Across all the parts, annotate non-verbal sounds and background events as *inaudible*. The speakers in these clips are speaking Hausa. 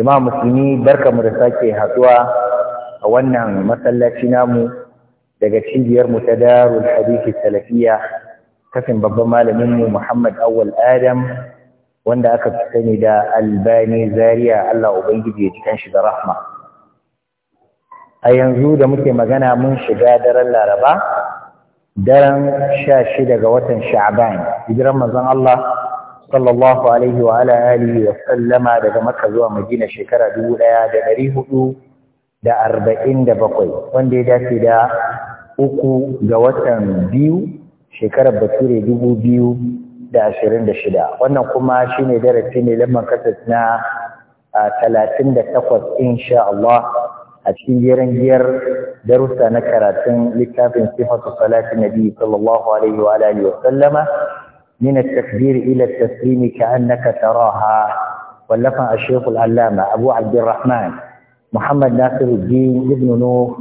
Jama'a musulmi barkamu da sake haɗuwa a wannan masallaci namu daga cibiyar mu ta Darul Hadith Salafiyya kafin babban malamin mu Muhammad Awwal Adam wanda aka fi sani da Albani Zaria Allah ubangiji ya cikan shi da rahma. A yanzu da muke magana mun shiga daren Laraba daren sha shida ga watan Sha'ban hijiran manzon Allah sallallahu alaihi wa ala alihi wa sallama daga Makka zuwa Madina shekara 1447 wanda ya dace da uku ga watan biyu shekarar Bature 2026 wannan kuma shine darasi ne lamman kasas na 38 insha Allah a cikin jeran giyar darussa na karatun littafin sifatu salatin nabi sallallahu alaihi wa alihi wa sallama من التكبير إلى التسليم كأنك تراها ولف الشيخ العلامة أبو عبد الرحمن محمد ناصر الدين ابن نوح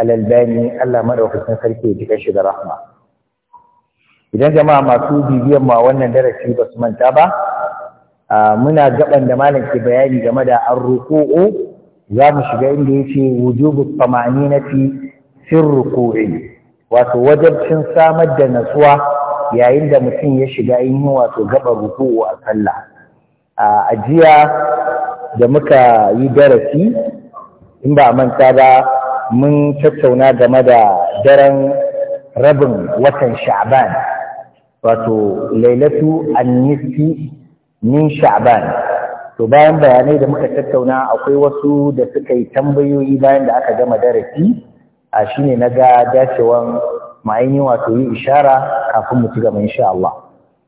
الألباني الله مره في سنة خليفة بكشف الرحمة إذا جماعة ما تودي بي ما وانا درس في بس من تابع آه، منا جبن دمالا كبياني جمدا الركوع لا مش جاين في وجوب الطمأنينة في الركوع وتوجب شنسا مدى نسوه yayin da mutum ya shiga yin wato gabar ruku'u a sallah a jiya da muka yi darasi in ba manta ba mun tattauna game da daren rabin watan sha'ban wato lailatu annisi min sha'ban to bayan bayanai da muka tattauna akwai wasu da suka yi tambayoyi bayan da aka gama darasi a shine na ga dacewan mu aini wato yi ishara kafin mu ci gaba insha Allah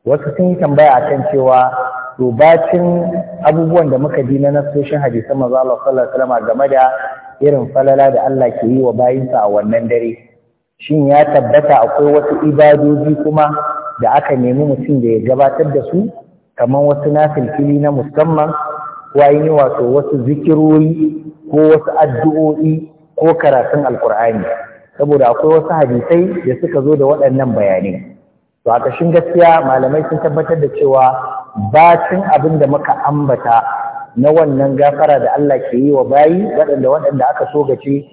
wasu sun yi tambaya akan cewa to abubuwan da muka ji na nasoshin hadisan manzo Allah sallallahu alaihi wasallam game da irin falala da Allah ke yi wa bayinsa a wannan dare shin ya tabbata akwai wasu ibadoji kuma da aka nemi mutum da ya gabatar da su kamar wasu nafilfili na musamman ko wato wasu zikirori ko wasu addu'o'i ko karatun alkur'ani saboda akwai wasu hadisai da suka zo da waɗannan bayanai to a ƙashin gaskiya malamai sun tabbatar da cewa bacin abin da muka ambata na wannan gafara da Allah ke yi wa bayi waɗanda waɗanda aka so gace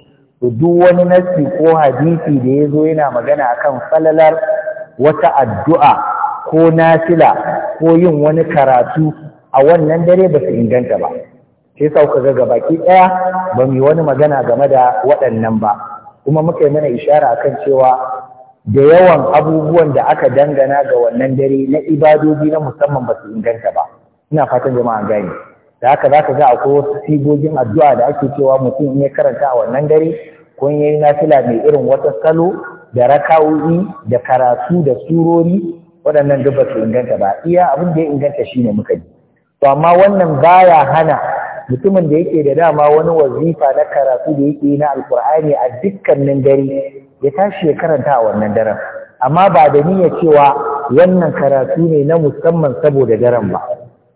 to duk wani nasi ko hadisi da ya zo yana magana akan falalar wata addu'a ko nasila ko yin wani karatu a wannan dare ba su inganta ba sai sauka ga gabaki ɗaya ba mu yi wani magana game da waɗannan ba kuma muka yi mana ishara a kan cewa da yawan abubuwan da aka dangana ga wannan dare na ibadoji na musamman ba su inganta ba ina fatan jama'a gani da haka za ka ga akwai wasu sigogin addu'a da ake cewa mutum in ya karanta a wannan dare ko in yayi nafila mai irin wata salo da raka'o'i da karatu da surori waɗannan duk ba su inganta ba iya abin da ya inganta shi ne muka yi to amma wannan baya hana mutumin da yake da dama wani wazifa na karatu da yake na alkur'ani a dukkanin dare ya tashi ya karanta a wannan daren amma ba da niyya cewa wannan karatu ne na musamman saboda daren ba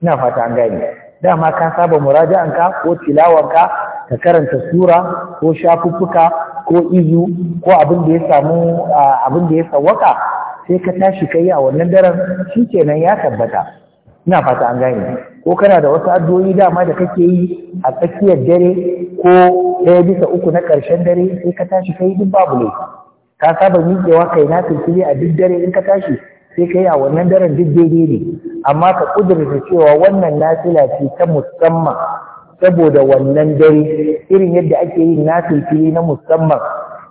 ina fata an gane dama ka saba muraja'anka ko tilawanka ka karanta sura ko shafuffuka ko izu ko abin da ya samu abin da ya sawaka sai ka tashi kai a wannan daren shikenan ya tabbata ina fata an gane ko kana da wasu addu'o'i dama da kake yi a tsakiyar dare ko ɗaya bisa uku na ƙarshen dare sai ka tashi kai duk babu ne ka saba miƙewa kai na kirkiri a duk dare in ka tashi sai kai a wannan daren duk daidai ne amma ka ƙudurta cewa wannan nafila ce ta musamman saboda wannan dare irin yadda ake yin nafilfili na musamman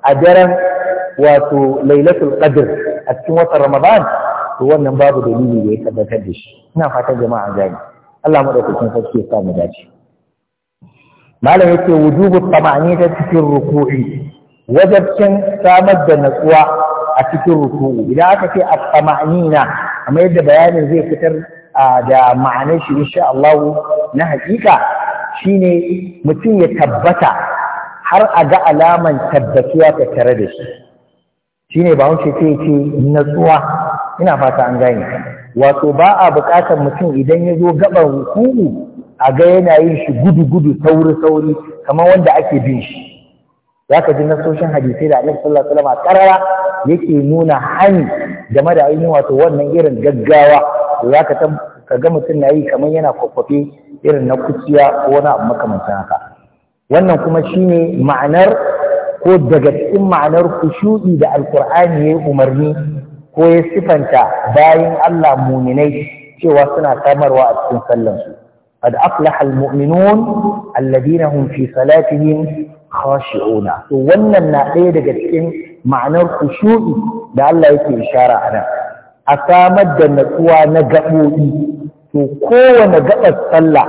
a daren wato lailatul qadr a cikin watan ramadan to wannan babu dalili da ya tabbatar da shi ina fatan jama'a gani Allah madaukakin sarki ya samu dace malam yake wujubu tamani ta cikin ruku'i wajabcin samar da natsuwa a cikin ruku'u idan aka ce a tamanina amma yadda bayanin zai fitar da ma'anar shi insha Allah na hakika shine mutum ya tabbata har a ga alaman tabbatuwa ta tare da shi shine ba wuce ce ce natsuwa ina fata an gane wato ba a buƙatar mutum idan ya zo gaban hukumu a ga yana yin shi gudu-gudu sauri-sauri kamar wanda ake bin shi za ka ji nasoshin hadisai da alaihi sallallahu alaihi wasallam karara yake nuna hani game da ainihin wato wannan irin gaggawa da za ka ka ga mutum na yi kamar yana kwakwafe irin na kuciya ko wani abu makamancin haka wannan kuma shine ma'anar ko daga cikin ma'anar kushu'i da alkur'ani ya yi umarni ko ya sifanta bayan Allah muminai cewa suna samarwa a cikin sallansu قد أفلح المؤمنون الذين هم في صلاتهم خاشعون wannan na ɗaya daga cikin ma'anar khushu'i da Allah yake ishara ana a samar da natsuwa na gaɓoɓi to kowane gaɓar sallah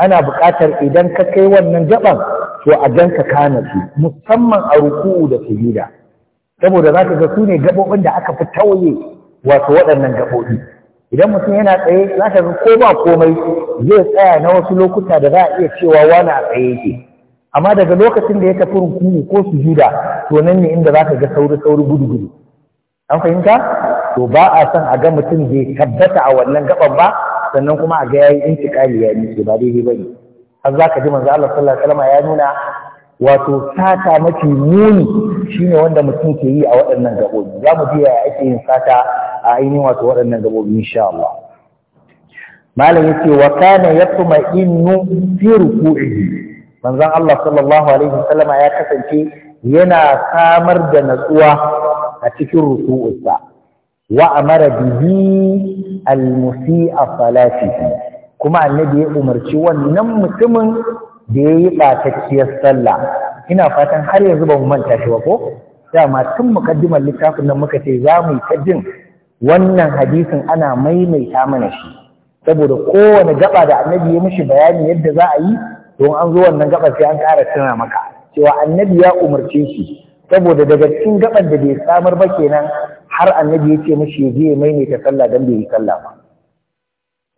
ana buƙatar idan ka kai wannan gaɓar to a ganka ka su. musamman a ruku'u da sujuda saboda za ka ga su ne gaɓoɓin da aka fi tauye wasu waɗannan gaɓoɓi idan mutum yana tsaye za ka ga ko ba komai zai tsaya na wasu lokuta da za a iya cewa wani a tsaye yake amma daga lokacin da ya tafi rukuni ko sujuda to nan ne inda za ka ga sauri sauri gudu gudu an fahimta to ba a son a ga mutum bai tabbata a wannan gaban ba sannan kuma a ga yayi intiqali ya ce ba daidai bane har za ka ji manzo Allah sallallahu alaihi wasallam ya nuna wato sata mafi muni shine wanda mutum ke yi a waɗannan gaɓoɓi za mu ji yaya ake yin sata a ainihin wato waɗannan gaɓoɓi insha Allah malam ya wa kana yatma innu fi ruku'ihi manzon Allah sallallahu alaihi wasallama ya kasance yana samar da natsuwa a cikin ruku'insa wa amara bihi al-musi'a kuma annabi ya umarci wannan mutumin da ya yi ɓatacciyar sallah ina fatan har yanzu ba mu manta shi ba ko dama tun mukaddimar littafin nan muka ce za mu yi ta jin wannan hadisin ana maimaita mana shi saboda kowane gaba da annabi ya mishi bayani yadda za a yi don an zo wannan gaba sai an ƙara tuna maka cewa annabi ya umarce shi saboda daga cikin gaban da bai samar ba kenan har annabi ya ce mishi ya je ya maimaita sallah dan bai yi sallah ba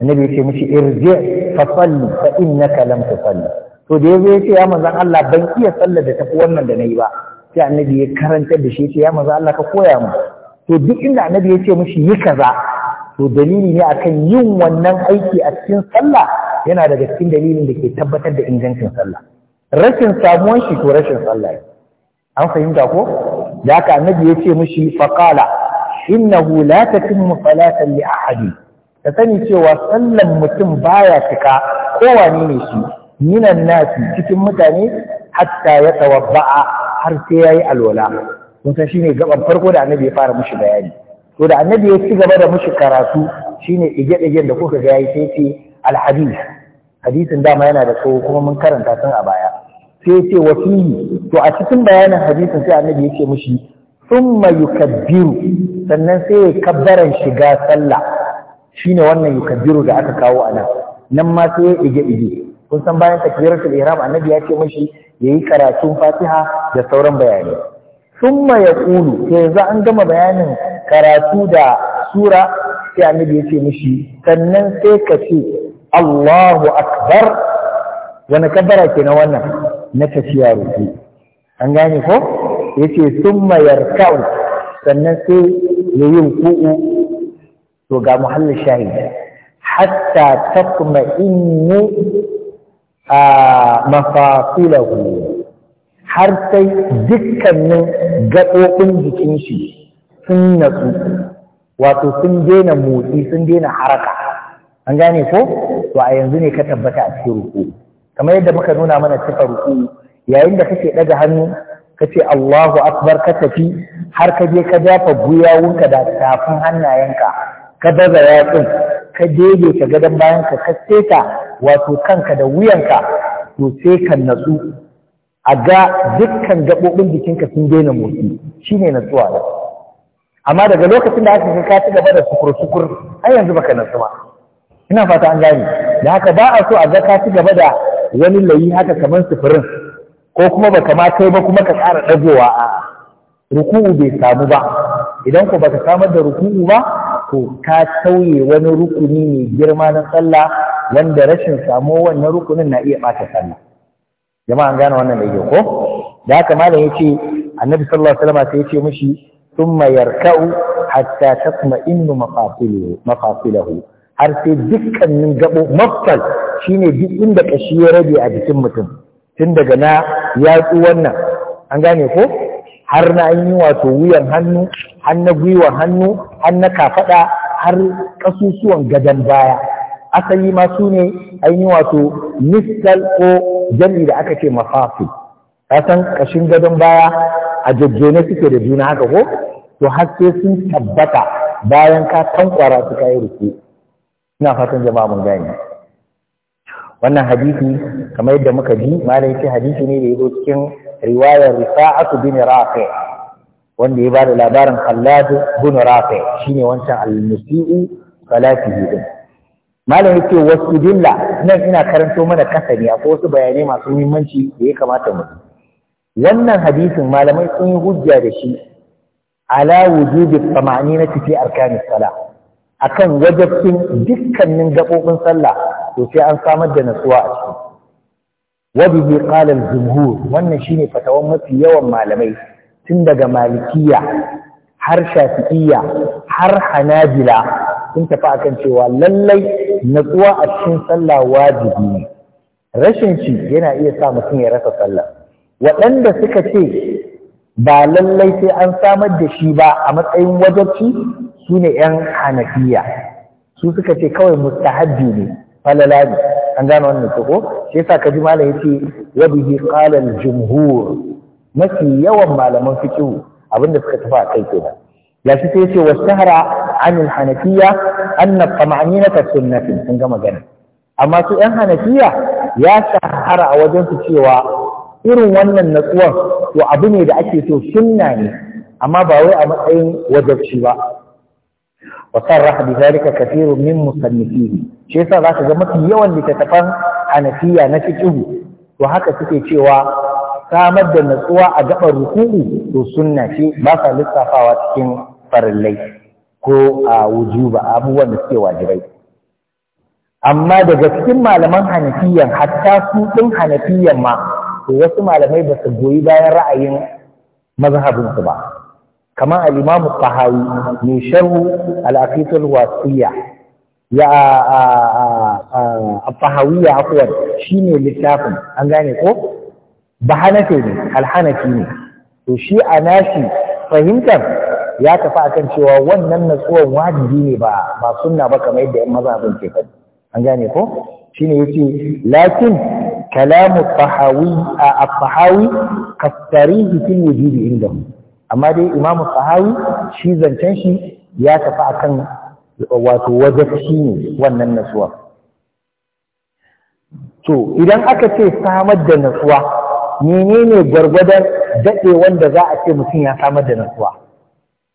annabi ya ce mishi irje fa salli fa innaka lam tusalli to da yazo yace ya manzon Allah ban iya sallar da tafi wannan da nayi ba sai annabi ya karanta da shi yace ya manzon Allah ka koya mu to duk inda annabi yace mishi yi kaza to dalili ne akan yin wannan aiki a cikin sallah yana daga cikin dalilin da ke tabbatar da ingancin sallah rashin samuwan shi ko rashin sallah ne an fahimta ko da haka annabi ya ce mishi faqala innahu la tatimmu salatan li ahadi ka sani cewa sallan mutum baya cika kowane ne shi minan nasi cikin mutane hatta ya tawabba'a har sai yayi alwala Wata shine gaban farko da annabi ya fara mushi bayani to da annabi ya ci gaba da mushi karatu shine ige-igen da kuka ga yayi sai ce alhadith hadisin dama yana da tsawo kuma mun karanta tun a baya sai ya ce wa to a cikin bayanin hadisin sai annabi ya ce mushi thumma yukabbiru sannan sai ya kabbaran shiga sallah shine wannan yukabbiru da aka kawo a nan nan ma sai ya ige-ige kun san bayan takbiratul ihram annabi ya ce mishi yayi karatun fatiha da sauran bayani thumma yaqulu sai yanzu an gama bayanin karatu da sura sai annabi ya ce mishi sannan sai ka ce Allahu akbar wani kabbara ke na wannan na tafiya ruku an gane ko yace thumma yarka'u sannan sai ya yayin ku'u to ga muhallin shahid hatta tatma'innu mafasilahu har sai dukkanin gaɓoɓin jikin shi sun natsu wato sun daina motsi sun daina haraka an gane ko to a yanzu ne ka tabbata a cikin ruku kamar yadda muka nuna mana cika ruku yayin da kake ɗaga hannu kace Allahu akbar ka tafi har ka je ka dafa gwiwawunka da tafin hannayenka ka baza yatsun ka ka gadon bayan ka ka wato kanka da wuyanka to sai ka natsu a ga dukkan gaɓoɓin jikinka sun daina motsi shine natsuwa da amma daga lokacin da aka ka ci gaba da sukur-sukur har yanzu baka natsu ba ina fata an gane da haka ba a so a ga ka ci gaba da wani layi haka kamar sufurin ko kuma ba kama kai ba kuma ka ƙara ɗagowa a ruku'u bai samu ba idan ku baka samar da ruku'u ba to ka tauye wani rukuni mai girma na sallah wanda rashin samo wannan rukunin na iya ɓata sallah jama'an gane wannan da yake ko da haka malam yace annabi sallallahu alaihi wasallam sai yace mishi thumma yarka'u hatta tatma'innu mafasilahu mafasilahu har sai dukkanin gabo mafsal shine duk inda kashi ya rabe a jikin mutum tun daga na yatsu wannan an gane ko har na an yi wato wuyan hannu har na gwiwan hannu har na kafaɗa har ƙasusuwan gadon baya asali ma su ne an yi wato mistal ko jami da aka ce mafafi kasan ƙashin gadon baya a jajjone suke da juna haka ko to har sai sun tabbata bayan ka tankwara su kayi rufe. ina fatan jama'a mun gane wannan hadisi kamar yadda muka ji malai ce hadisi ne da ya zo cikin riwayar rifa'atu bin rafi wanda ya bada labarin khallad bin rafi shine wancan al-musi'u salatihi din malam yake wasu dilla nan ina karanto mana kasani akwai wasu bayanai masu muhimmanci da ya kamata mu wannan hadisin malamai sun yi hujja da shi ala wujubi na fi arkanis sala akan wajabcin dukkanin gabobin sallah to sai an samar da nasuwa a ciki wabihi qala al-jumhur wannan shine fatawan mafi yawan malamai tun daga malikiya har shafi'iyya har hanabila sun tafi akan cewa lallai natsuwa a cikin sallah wajibi ne rashin shi yana iya sa mutum ya rasa sallah waɗanda suka ce ba lallai sai an samar da shi ba a matsayin wajabci su ne 'yan hanafiya su suka ce kawai mustahabbi ne falala ne an gano wannan ke shi yasa ka ji malam yace wa bihi qala al jumhur mafi yawan malaman fiqh abinda suka tafi a kai kenan ya shi sai yace wasahara an al hanafiya anna tama'ninata sunnatin sun ga magana amma su ɗan hanafiya ya shahara a wajen su cewa irin wannan natsuwar to abu ne da ake so sunna ne amma ba wai a matsayin wajabci ba wa sarraha bi zalika kathirun min musannifihi shi yasa zaka ga mafi yawan littattafan hanafiya na fiqh to haka suke cewa samar da natsuwa a gabar ruku'u to sunna ce basa lissafawa cikin farillai ko a wujuba abubuwan da suke wajibai amma daga cikin malaman hanafiyan hatta su din hanafiyan ma to wasu malamai ba su goyi bayan ra'ayin mazhabinsu ba kamar al-imam al-tahawi mai sharhu al-aqiqah al-wasiyya ya shine littafin an gane ko bahanafi ne al-hanafi to shi a nashi fahimtar ya tafi akan cewa wannan natsuwan wajibi ne ba ba sunna ba kamar yadda yan mazhabin ke faɗi an gane ko shine yace lakin kalamu tahawi a tahawi kastarihi fil wujudi indahum amma dai imamu sahawi shi zancen shi ya tafi akan wato wajacci ne wannan nasuwa to idan aka ce samar da nasuwa menene gwargwadon daɗe wanda za a ce mutum ya samar da nasuwa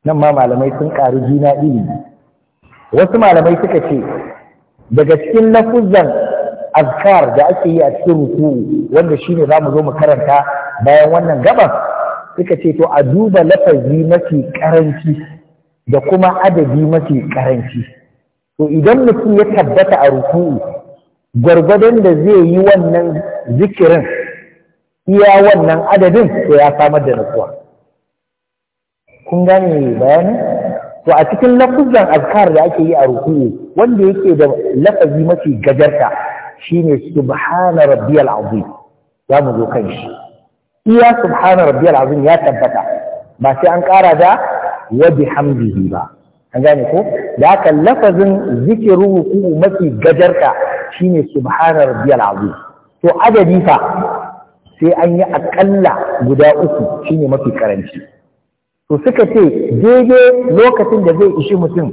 nan ma malamai sun ƙaru juna ilimi wasu malamai suka ce daga cikin lafuzan azkar da ake yi a cikin ruku wanda shine za mu zo mu karanta bayan wannan gaban suka ce to a duba lafazi mafi karanci da kuma adadi mafi karanci to idan mutum ya tabbata a ruku'u gwargwadon da zai yi wannan zikirin iya wannan adadin to ya samar da nutsuwa kun gane bayani to a cikin lafuzan azkar da ake yi a ruku'u wanda yake da lafazi mafi gajarta shine subhana rabbiyal azim za mu zo kan shi iya subhana rabbiyal azim ya tabbata ba sai an ƙara da wa bihamdihi ba an gane ko da haka lafazin zikiru ruku mafi gajarta shine subhana rabbiyal azim to adadi fa sai an yi akalla guda uku shine mafi karanci to suka ce daidai lokacin da zai ishi mutum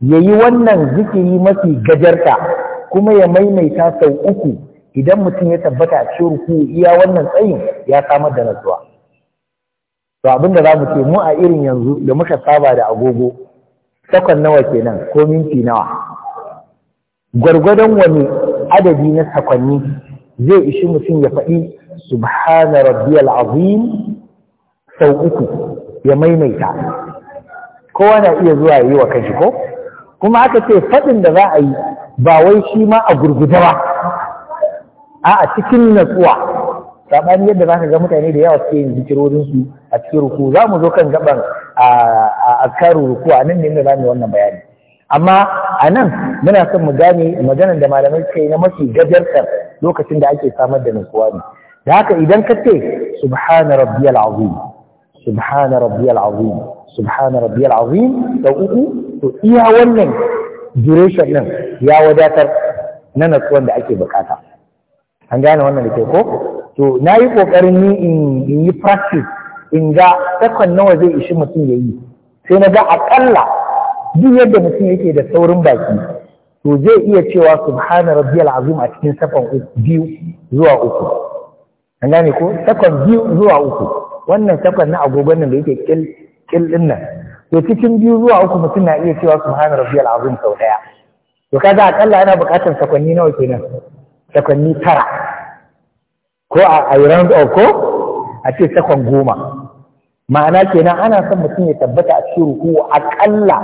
ya yi wannan zikiri mafi gajarta kuma ya maimaita sau uku idan mutum ya tabbata a cikin ruku iya wannan tsayin ya samar da natsuwa to abin da za mu ce mu a irin yanzu da muka saba da agogo sakon nawa kenan ko minti nawa gwargwadon wani adadi na sakonni zai ishi mutum ya faɗi subhana rabbiyal azim sau uku ya maimaita kowa na iya zuwa yi wa shi ko kuma aka ce faɗin da za a yi ba wai shi ma a gurgudawa a'a cikin natsuwa saɓani yadda za ka ga mutane da yawa suke yin zikirorin su a cikin ruku za mu zo kan gaban a karu ruku a nan ne inda mu wannan bayani amma a nan muna son mu gane maganar da malamai suka yi na mafi gajartar lokacin da ake samar da natsuwa ne da haka idan ka ce subhana rabbiyal azim subhana rabbiyal azim subhana rabbiyal azim da uku to iya wannan duration nan ya wadatar na natsuwan da ake bukata an gane wannan da ke ko to na yi ƙoƙarin ni in yi practice in ga sakon nawa zai ishi mutum ya yi sai na ga aƙalla duk yadda mutum yake da saurin baki to zai iya cewa subhana rabbiyal azim a cikin sakon biyu zuwa uku an gane ko sakon biyu zuwa uku wannan sakon na agogon nan da yake kil kil din nan to cikin biyu zuwa uku mutum na iya cewa subhana rabbiyal azim sau daya to kaga akalla ana buƙatar sakonni nawa kenan sakwanni tara ko a round of ko a ce sakon goma ma'ana kenan ana son mutum ya tabbata a cikin ruku ƙalla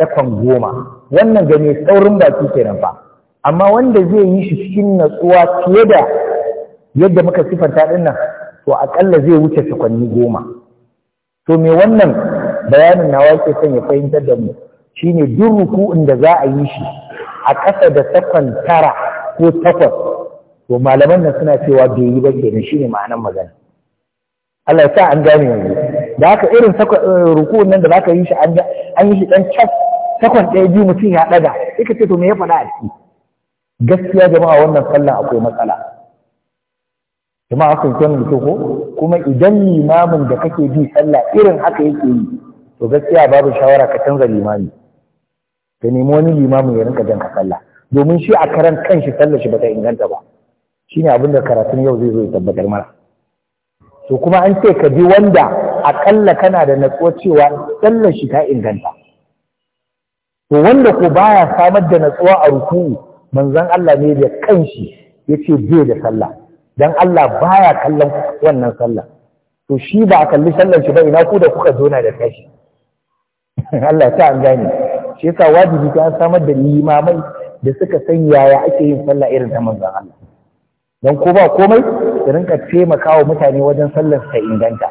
sakon goma wannan gane saurin baki kenan ba amma wanda zai yi shi cikin natsuwa fiye da yadda muka sifanta ɗin nan to ƙalla zai wuce sakwanni goma to me wannan bayanin nawa ke son ya fahimtar da mu shine duk ruku'un da za a yi shi a ƙasa da sakon tara ko takwas to malaman nan suna cewa bai yi ba shi ne ma'anar magana Allah ya sa an gane yanzu da aka irin eh, rukun nan da za ka yi shi an yi shi ɗan cas takwas ɗaya biyu mutum ya ɗaga ika ce to me ya faɗa a ciki gaskiya jama'a wannan sallah akwai matsala jama'a sun san mutum ko kuma idan limamin da kake bi sallah irin haka yake yi to gaskiya babu shawara ka canza limami ka nemi wani limamin ya rinka jan ka sallah domin shi a karan kanshi sallar shi bata inganta ba Shi ne abinda karatun yau zai zo ya tabbatar mana to kuma an ce ka bi wanda akalla kana da natsuwa cewa sallar shi ta inganta to wanda ko baya samar da natsuwa a ruku'u manzon Allah ne da kanshi yace bai da sallah dan Allah baya kallon wannan sallah to shi ba a kalli sallar shi ba ina ku da kuka zo na da kashi *laughs* Allah ta an gane shi yasa wajibi ta samar da limamai da suka san yaya ake yin sallah irin ta manzon Allah don ko ba komai su rinka taimakawa mutane wajen sallar ta inganta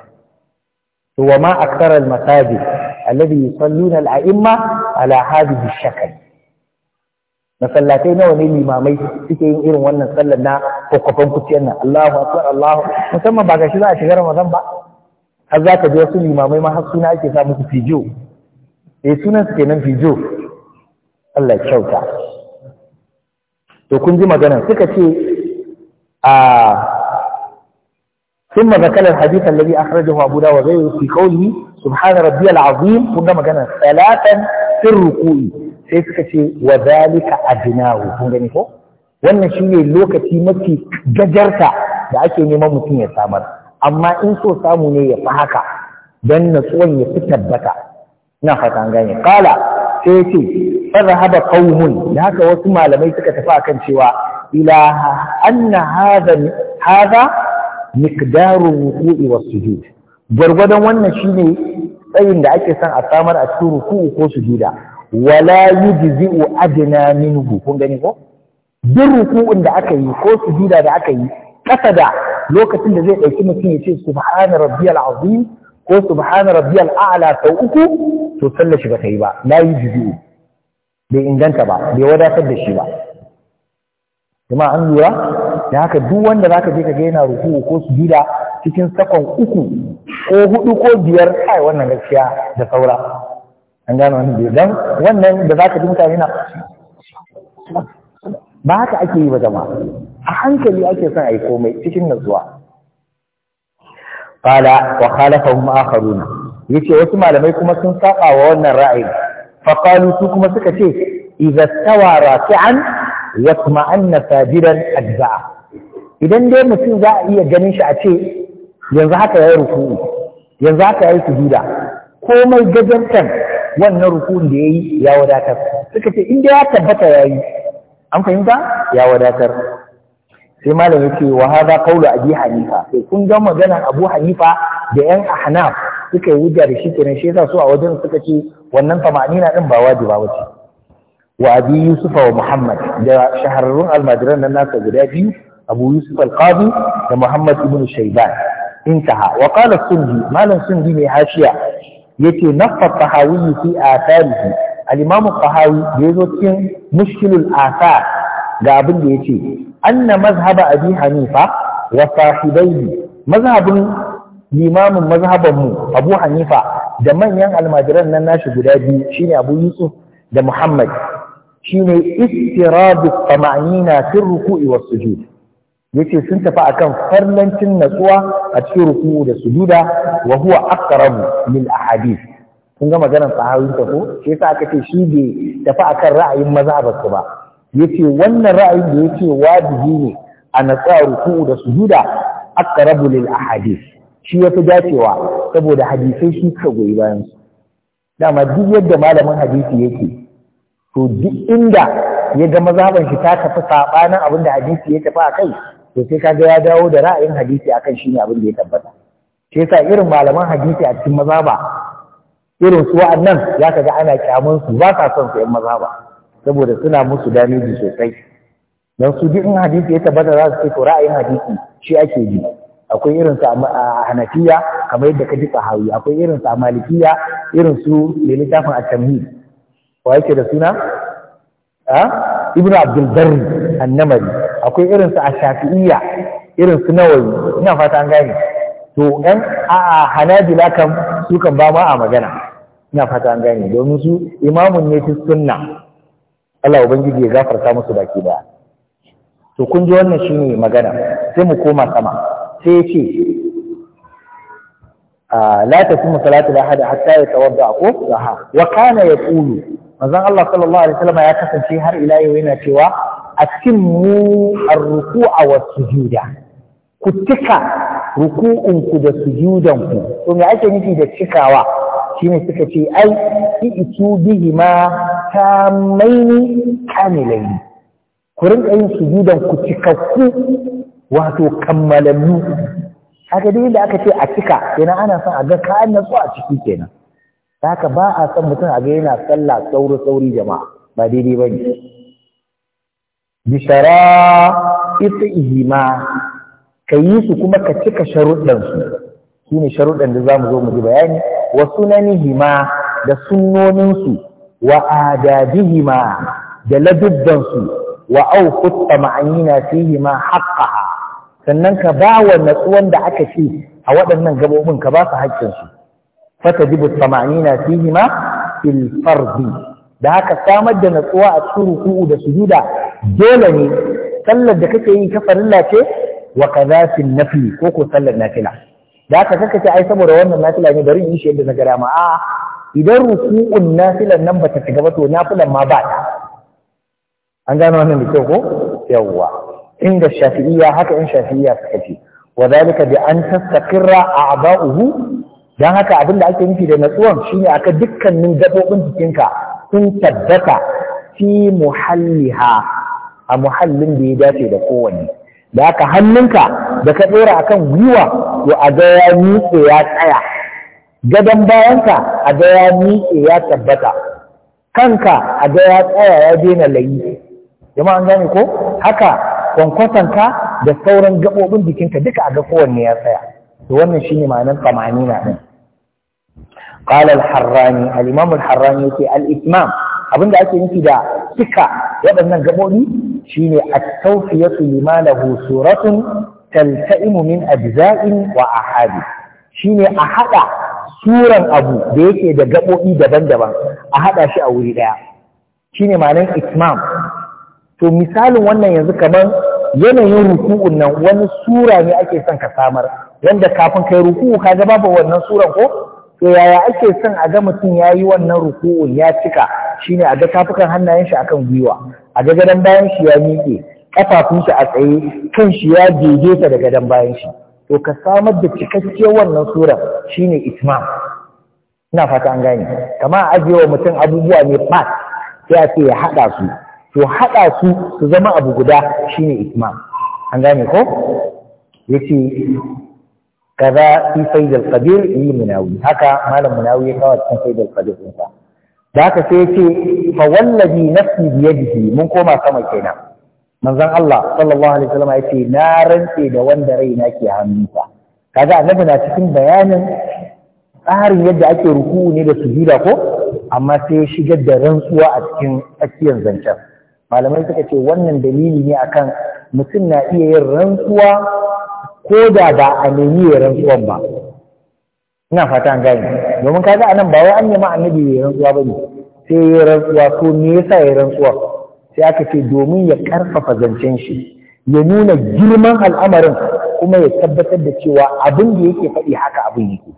to wa ma akthara al masajid alladhi yusalluna al a'imma ala hadhihi shakl masallatai nawa ne limamai suke yin irin wannan sallar na kokofan kuciyar nan Allahu akbar Allahu musamman ba shi za a shiga Ramadan ba har za ka je wasu limamai ma har suna ake sa musu fijo eh sunan su kenan fijo Allah kyauta to kun ji magana suka ce a kalar mazakalar hadithan lari a harajin wa buda wa zai fi kauli subhanar salatan sun ruku'i sai suka ce wa zalika a dinahu kun wannan shi ne lokaci mafi gajarta da ake neman mutum ya samar amma in so samu ne ya fi haka don natsuwan ya fi tabbata na fata an gane sai ya فذهب قوم لهك وسمى لما يتكتفى كان شواء إلى أن هذا هذا مقدار الوقوع والسجود wannan وانا شيني tsayin da ake son a samar a cikin ruku'u ko sujuda wala yujzi'u adna minhu kun gani ko duk ruku'un da aka yi ko sujuda da aka yi kasa da lokacin da zai ɗauki mutum ya ce subhana rabbiyal azim ko subhana rabbiyal a'la sau uku to sallar shi ba ta yi ba Na yi yujzi'u bai inganta ba bai wadatar da shi ba kuma an lura da haka duk wanda za ka je ka ga yana ruku ko sujuda cikin sakon uku ko hudu ko biyar kai wannan gaskiya da saura an gano wannan biyu dan wannan da za ka ji mutane na ba haka ake yi ba jama'a a hankali ake son a yi komai cikin natsuwa fala wa khalafahum akharuna yace wasu malamai kuma sun saba wa wannan ra'ayi faƙalu su kuma suka ce idza stawa raki'an wa tuma'anna sajidan ajza'a idan dai mutum za a iya ganin shi a ce yanzu haka yi rukuni, yanzu haka yayi sujuda komai gajantan wannan ruku'un da yayi ya wadatar suka ce in ya tabbata yayi an fahimta ya wadatar sai malam yace wa hadha qawlu abi hanifa sai kun ga maganar abu hanifa da yan ahnaf suka yi wuja da shi kenan shi yasa su a wajen suka ce wannan tamanina din ba wajiba ba ce wa abi yusuf wa muhammad da shahararrun almajiran nan nasa guda biyu abu yusuf alqadi da muhammad ibn shayban intaha wa qala sundi malam sundi mai hashiya yace nafa tahawi fi atharihi al-imam qahawi da yazo cikin mushkilul athar ga abin da yace anna mazhaba abi hanifa wa sahibaihi mazhabun limamin mazhaban mu abu hanifa da manyan almajiran nan nashi guda biyu shine Abu Yusuf da Muhammad shine istirabu tamanina fi ruku'i was sujud yace sun tafi akan farlancin natsuwa a cikin ruku'u da sujuda wa huwa aqrabu lil ahadith kun ga maganar sahabin ta ko sai aka ce shi bai tafi akan ra'ayin mazhabarsa ba yace wannan ra'ayin da yace wajibi ne a natsuwa ruku'u da sujuda aqrabu lil ahadith shi ya fi dacewa saboda hadisai shi ka goyi bayansu. su dama duk yadda malamin hadisi yake to duk inda ya ga mazaban shi ta tafi saɓanin abin da hadisi ya tafi a kai to sai kaga ya dawo da ra'ayin hadisi a kan shi ne abin da ya tabbata shi sa irin malaman hadisi a cikin mazaba? irin su wa'annan za ka ga ana kyamun su ba sa son su yan mazhaba saboda suna musu damiji sosai don su duk in hadisi ya tabbata za su ce to ra'ayin hadisi shi ake ji. akwai irin sa a hanafiya kamar yadda ka ji hawi akwai irin sa a malikiya irin su da littafin a tamhid wa yake da suna a ibnu abdul barri annamari akwai irin sa a shafi'iyya irin su nawawi ina fata an gane to yan a hanabila kan su kan ba ma a magana ina fata an gane domin su imamun ne fi sunna Allah ubangiji ya gafarta musu baki daya to kun ji wannan shine magana sai mu koma sama sai ce la takumu salatu al-ahad hatta yatawadda ko laha wa kana yaqulu manzon Allah sallallahu alaihi wasallam ya kasance har ila yau yana cewa a ar-ruku'a wa sujuda ku cika ruku'unku da sujudanku to me ake nufi da cikawa shine suka ce ai i'tu bihima tamaini kamilaini ku rinka yin sujudan ku cikakku wato kammalannu haka dai da aka ce a cika kenan ana son a ga kayan natsu a ciki kenan haka ba a son mutum a ga yana sallah sauri-sauri jama'a ba daidai ba ne bishara ita ihima ka yi su kuma ka cika sharuɗansu su ne sharuɗan da za mu zo mu ji bayani wa sunanihima da sunnoninsu wa adabihima da ladubbansu wa auku tsama'anina fihima haqqaha sannan ka ba wa natsuwan da aka ce a waɗannan gabobin ka ba su haƙƙinsu fata jibu na fi ma fil da haka samar da natsuwa a cikin ruku'u da sujuda dole ne sallar da kake yi ta farilla ce wa kadafin nafi ko ko sallar nafila da haka kaka ce ai saboda wannan nafila ne bari in yi shi yadda na ga ma. a'a idan ruku'un nafilan nan bata shiga ba to nafilan ma ba ta an gano wannan da kyau ko yawwa inda shafi'iyya haka in shafi'iya suka ce wa zalika bi an tastaqirra a'da'uhu dan haka abin da ake nufi da natsuwan shine aka dukkanin gabobin jikinka sun tabbata fi muhalliha a muhallin da ya dace da kowanne da haka hannunka da ka a kan gwiwa to a ga ya miƙe ya tsaya gadon bayanka a ga ya miƙe ya tabbata kanka a ga ya tsaya ya daina layi jama'a an gane ko haka kwankwasonka da sauran gaɓoɓin jikinka duka aga kowanne ya saya. to wannan shine ma'anar tsamanina din qala al-harrani al-imam al-harrani yake al-itmam abinda ake nufi da cika waɗannan gaɓoɓi shine at-tawfiyatu lima lahu suratun talta'imu min ajza'in wa ahadi shine a haɗa suran abu da yake da gaɓoɓi daban-daban a haɗa shi a wuri ɗaya shine ma'anar itmam to misalin wannan yanzu kaman yanayin ruku'un nan wani sura ne ake son ka samar wanda kafin kai ruku'u ka ga babu wannan suran ko to yaya ake son a ga mutum ya yi wannan ruku'u ya cika shine a ga tafukan hannayen shi akan gwiwa a ga gadon bayan shi ya miƙe kafafun shi a tsaye kan shi ya daidaita da gadon bayan shi to ka samar da cikakkiyar wannan sura shine itimam ina fata an gane kamar a ajiyewa mutum abubuwa ne fat sai ce ya haɗa su to haɗa su su zama abu guda shine itmam an gane ko yace kaza fi sayd al-qadir li munawi haka malam munawi ya kawo cikin Faizal ƙabir qadir din sa da haka sai yace fa wallazi nafsi bi mun koma sama kenan manzon Allah sallallahu alaihi wasallam ce na rantse da wanda raina ke hannunsa kaga annabi na cikin bayanin tsarin yadda ake ruku ne da sujuda ko amma sai ya shigar da rantsuwa a cikin tsakiyar zancen malamai suka ce wannan dalili ne akan mutum na iya yin rantsuwa ko da ba a nemi ya rantsuwan ba ina fata an domin kaga anan ba wai an nemi annabi ya rantsuwa ba ne sai ya rantsuwa ko me yasa ya rantsuwa sai aka ce domin ya karfafa zancen shi ya nuna girman al'amarin kuma ya tabbatar da cewa abin da yake faɗi haka abin yake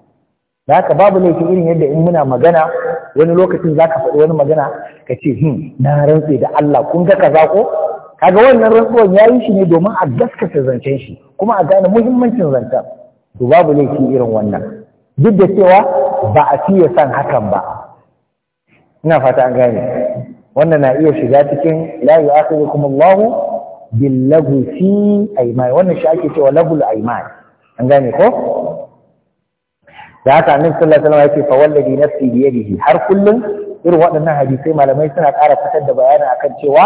da haka babu laifin irin yadda in muna magana wani lokacin za ka faɗi wani magana ka ce hin hmm, na rantse da Allah kun ga kaza ko kaga wannan rantsuwan ya yi shi ne domin a gaskata zancen shi kuma a gane muhimmancin zancen to babu laifi irin wannan duk da cewa ba a fiye son hakan ba ina fata an gane wannan na iya shiga cikin la yu'akhidukum Allahu bil lagwi fi ayman wannan shi ake cewa lagul ayman an gane ko da haka annabi sallallahu alaihi wasallam yake fa wallahi nafsi bi yadihi har kullum irin waɗannan hadisai malamai suna ƙara fitar da bayani akan cewa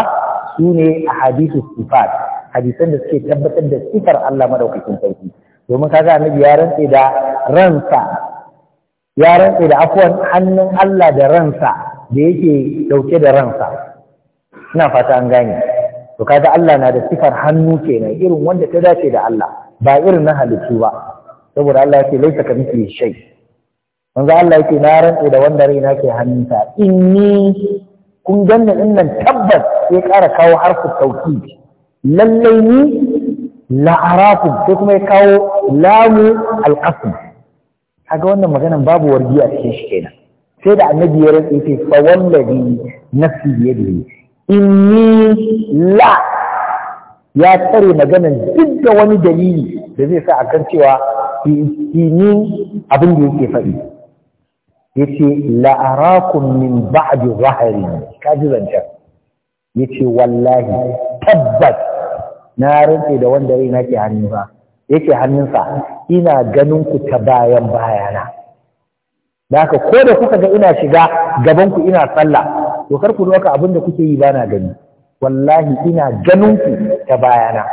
su ne a hadisu sifat hadisan da suke tabbatar da sifar Allah madaukakin sarki domin kaga annabi ya rantse da ransa ya rantse da afwan hannun Allah da ransa da yake dauke da ransa ina fata an gane to kaga Allah na da sifar hannu kenan irin wanda ta dace da Allah ba irin na halittu ba saboda Allah yake laisa ka miki shay manzo Allah yake na rantse da wanda raina ke hannunsa inni kun ganna innan tabbas ya ƙara kawo harfu tauki lallai ni la arafu sai kuma ya kawo lamu alqasm kaga wannan maganan babu a cikin shi kenan sai da annabi ya rantse ce fa wallahi nafsi biyadihi inni la ya tsare maganan duk da wani dalili da zai sa kan cewa sinin abin da yake faɗi yace la'arakum min ba'di zahri kaji Ya yace wallahi tabbas na rike da wanda rai nake hannunsa yake hannunsa ina ganin ku ta bayan bayana da haka ko da kuka ga ina shiga gaban ku ina sallah to karku ku doka abin da kuke yi bana gani wallahi ina ganin ku ta bayana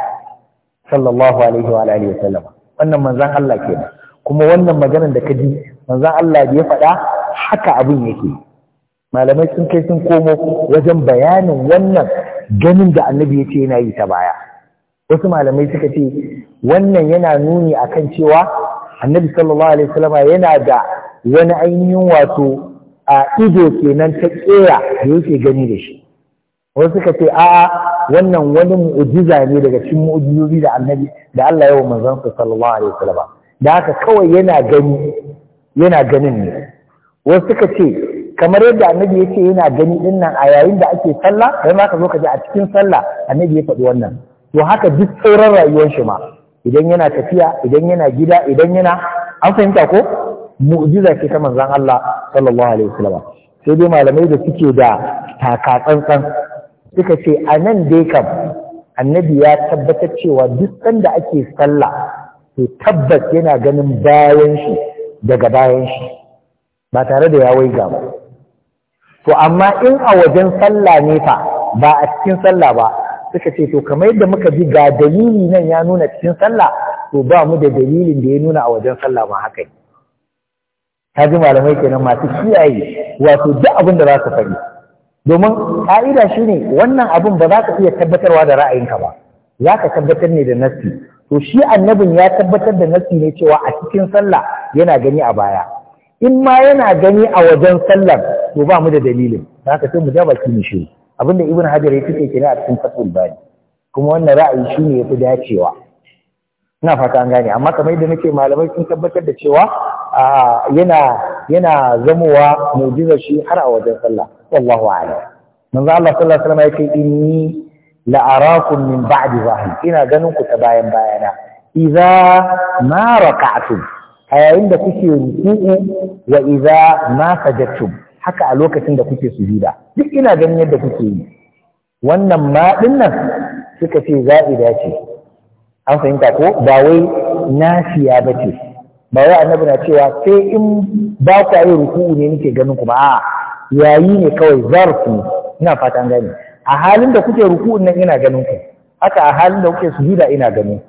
sallallahu alaihi wa alihi wa sallama wannan manzan Allah kenan kuma wannan maganar da ka ji manzan Allah ya faɗa haka abin yake malamai sun kai sun komo wajen bayanin wannan ganin da annabi ya ce yana yi ta baya wasu malamai suka ce wannan yana nuni akan cewa annabi sallallahu alaihi yana da wani ainihin wato a ido kenan ta kera da yake gani da shi wasu suka ce a'a wannan wani mu'ujiza ne daga cikin mu'ujizobi da annabi da Allah ya wa manzon sa sallallahu alaihi wasallam da haka kawai yana gani yana ganin ne wasu suka ce kamar yadda annabi ce yana gani din nan a yayin da ake sallah kai ma ka zo ka ji a cikin sallah annabi ya faɗi wannan to haka duk sauran rayuwar shi ma idan yana tafiya idan yana gida idan yana an fahimta ko mu'ujiza ce ta manzon Allah sallallahu alaihi wasallam sai dai malamai da suke da taka tsantsan suka ce a nan dai kam annabi ya tabbatar cewa duk sanda ake sallah to tabbas yana ganin bayan shi daga bayan shi ba tare da ya ga ba to amma in a wajen sallah ne fa ba a cikin sallah ba suka ce to kamar yadda muka ji ga dalili nan ya nuna cikin sallah to ba mu da dalilin da ya nuna a wajen sallah ma haka ne ta ji malamai kenan masu kiyaye wato duk abin da za su faɗi domin ƙa'ida shi ne wannan abin ba za ka iya tabbatarwa da ra'ayinka ba za ka tabbatar ne da nassi to shi annabin ya tabbatar da nassi ne cewa a cikin sallah yana gani a baya in ma yana gani a wajen sallar to ba mu da dalilin za ka sai mu ja baki mu shi abinda ibn hajar ya fice kenan a cikin fatul bani kuma wannan ra'ayi shi ne ya fi dacewa ina fata an gane amma kamar yadda nake malamai sun tabbatar da cewa yana yana zamowa mu'jizar shi har a wajen sallah wallahu a'lam manzo Allah sallallahu alaihi yake inni la'arakum min ba'di zahri ina ganin ku ta bayan bayana idza ma raka'tum a yayin da kuke ruku'u wa idza ma sajadtum haka a lokacin da kuke sujuda duk ina ganin yadda kuke yi wannan ma dinnan suka ce za'ida ce an fahimta ko ba wai nafiya bace ba wai annabi na cewa sai in ba ku yi ruku'u ne nake ganin ku ba a'a yayi ne kawai zarfi ina fatan gani a halin da kuke ruku'un nan ina ganin ku haka a halin da kuke sujuda ina gani.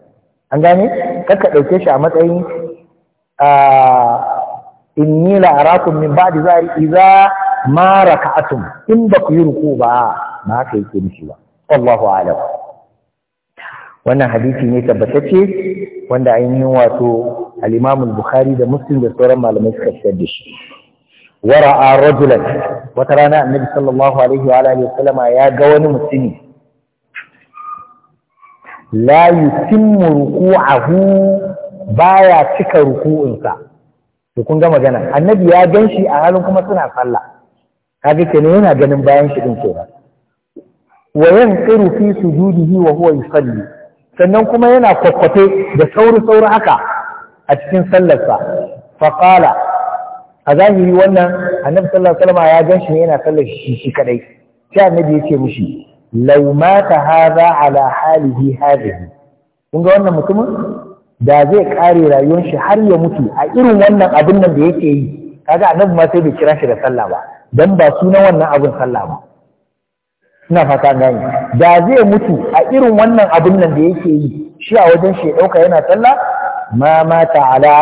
an gane kaka dauke shi a matsayin a inni la arakum min ba'di zari idza ma raka'atum in ba ku yi ruku ba ma haka yake mishi ba wallahu a'lam wannan hadisi ne tabbatacce wanda ainihin wato al-Imam al-Bukhari da Muslim da sauran malamai suka da shi wara'a rajulan wata rana annabi sallallahu alaihi wa alihi wasallama ya ga wani mutumi la yutimmu ruku'ahu baya cika ruku'insa to kun ga magana annabi ya ganshi a halin kuma suna sallah kaga kenan yana ganin bayan shi din kenan wa yanqiru fi sujudihi wa huwa yusalli sannan kuma yana kwakwate da sauri sauri haka a cikin sallarsa fa a zahiri wannan annabi sallallahu alaihi wasallam ya ganshi ne yana sallar shi shi kadai sai annabi ya ce mishi law mata hadha ala halihi hadhihi kun ga wannan mutumin da zai kare rayuwar shi har ya mutu a irin wannan abin nan da yake yi kaga annabi ma sai bai kira shi da sallah ba dan ba sunan wannan abin sallah ba ina fata gani da zai mutu a irin wannan abin nan da yake yi shi a wajen shi ya dauka yana sallah ma mata ala